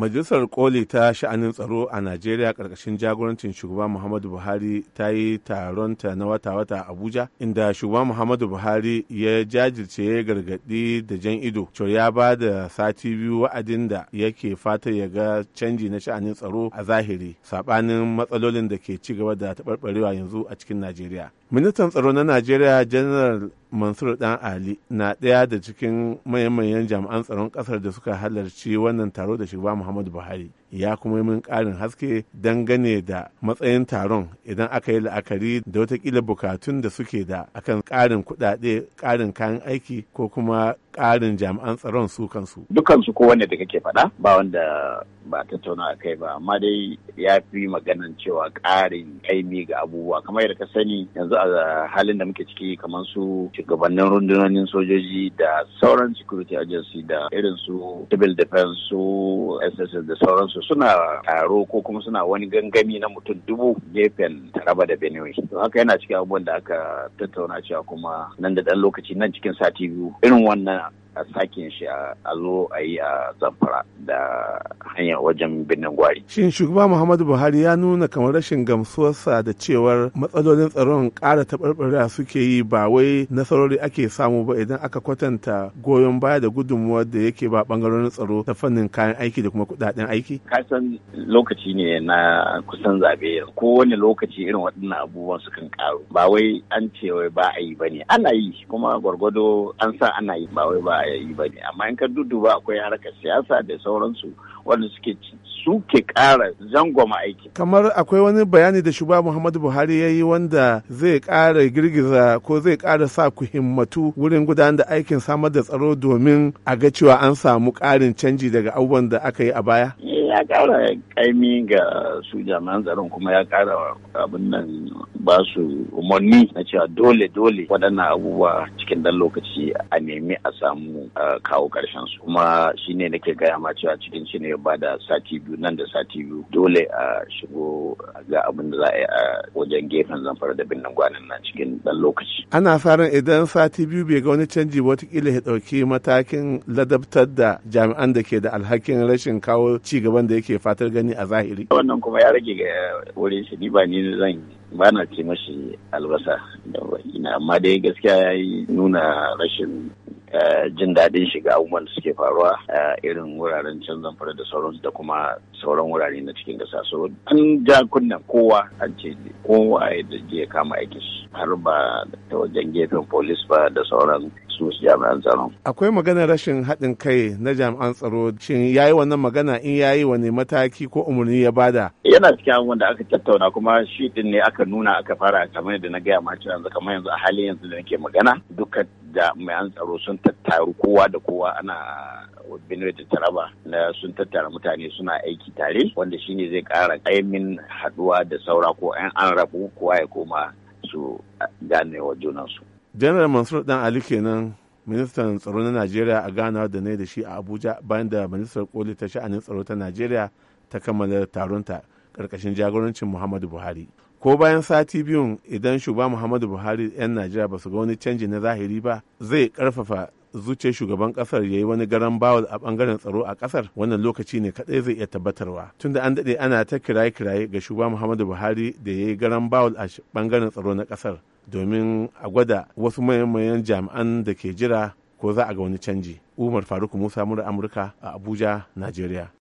Majalisar Koli ta sha'anin tsaro a Najeriya ƙarƙashin jagorancin shugaba Muhammadu Buhari ta yi taronta na wata-wata a Abuja, inda shugaba Muhammadu Buhari ya jajirce ya gargaɗi da jan ido. To ya ba da sati biyu wa'adin da yake fata ya ga canji na sha'anin tsaro a zahiri, saɓanin matsalolin da ke ci gaba da taɓarɓarewa yanzu a cikin Najeriya. Ministan tsaro na Najeriya janar mansur dan ali na ɗaya da cikin manyan jami'an tsaron ƙasar da suka halarci wannan taro da shugaba muhammadu buhari ya kuma min ƙarin haske dangane da matsayin taron idan aka yi la'akari da watakila bukatun da suke da akan ƙarin kuɗaɗe ƙarin kayan aiki ko kuma ƙarin jami'an tsaron su kansu dukansu ko wanda da kake faɗa ba wanda ba tattauna a kai ba amma dai ya fi maganan cewa ƙarin kaimi ga abubuwa kamar yadda ka sani yanzu a halin da muke ciki kamar su shugabannin rundunonin sojoji da sauran security agency da irin su civil defense su sss da sauransu suna taro ko kuma suna wani gangami na mutum dubu gefen taraba da benue to haka yana cikin abubuwan da aka tattauna cewa kuma nan da ɗan lokaci nan cikin sati biyu irin wannan a sakin shi a zo a yi a zamfara da hanyar wajen birnin gwari. Shin shugaba Muhammadu Buhari ya nuna kamar rashin gamsuwarsa da cewar matsalolin tsaron ƙara taɓarɓarewa suke yi ba wai nasarori ake samu ba idan aka kwatanta goyon baya da gudunmuwar da yake ba ɓangarorin tsaro ta fannin kayan aiki da kuma kuɗaɗen aiki. Kasan lokaci ne na kusan zaɓe kowane lokaci irin waɗannan abubuwan sukan ƙaru ba wai an ce wai ba a yi ba ne ana yi kuma gwargwado an sa ana yi ba wai ba ba ya yi ba ne amma in ka duduba akwai harkar siyasa da sauransu wanda suke suke kara zangoma aiki. Kamar akwai wani bayani da shuba Muhammadu Buhari ya yi wanda zai kara girgiza ko zai kara sa ku himmatu wurin gudanar da aikin samar da tsaro domin a ga cewa an samu karin canji daga abubuwan da aka yi a baya? Eh, ya kara kaimi ga su jami'an tsaron kuma ya kara abin nan ba su umarni na cewa dole dole waɗannan abubuwa cikin dan lokaci a nemi a samu kawo karshen su kuma shine nake gaya ma cewa cikin shine ne ba sati biyu nan da sati biyu dole a shigo ga abin da za a yi a wajen gefen zamfara da binnan gwanin na cikin dan lokaci. Ana farin idan sati biyu bai ga wani canji watakila ya ɗauki matakin ladabtar da jami'an da ke da alhakin rashin kawo ci gaban da yake fatar gani a zahiri. Wannan kuma ya rage ga wurin shi ni ba ni zan ba na ce mashi albasa da ina amma dai gaskiya ya yi nuna rashin eh, jin daɗin shiga abubuwan da suke faruwa a irin wuraren canzan zamfara da sauran da kuma sauran wurare na cikin gasa so an ja kunna kowa an ce kowa ya kama aikin shi har ba ta wajen gefen polis ba da sauran su jami'an tsaro. Akwai magana rashin haɗin kai na jami'an tsaro shin ya yi wannan magana in ya yi wani mataki ko umarni ya bada? Yana cikin abubuwan da aka tattauna kuma shi din ne aka nuna aka fara kamar da na gaya ma yanzu kamar yanzu a halin yanzu da nake magana duka jami'an tsaro sun tattaru kowa da kowa ana Benue da Taraba na sun tattara mutane suna aiki tare wanda shine zai kara ƙaimin haɗuwa da saura ko 'yan an rabu kowa ya koma su gane wa junansu. Janar Mansur Dan Ali kenan ministan tsaro na Najeriya a ganawa da ne da shi a Abuja bayan da ministar koli ta sha'anin tsaro ta Najeriya ta kammala taronta karkashin jagorancin Muhammadu Buhari. Ko bayan sati biyun idan shugaba Muhammadu Buhari 'yan Najeriya ba su ga wani canji na zahiri ba zai karfafa zuce shugaban kasar ya yi wani garan bawul a bangaren tsaro a kasar wannan lokaci ne kadai zai iya tabbatarwa tunda an dade ana ta kiraye-kiraye ga shugaban muhammadu buhari da ya yi garan bawul a bangaren tsaro na kasar domin a gwada wasu mayan jami'an da ke jira ko za a ga wani canji umar faruk musa mura amurka a abuja najeriya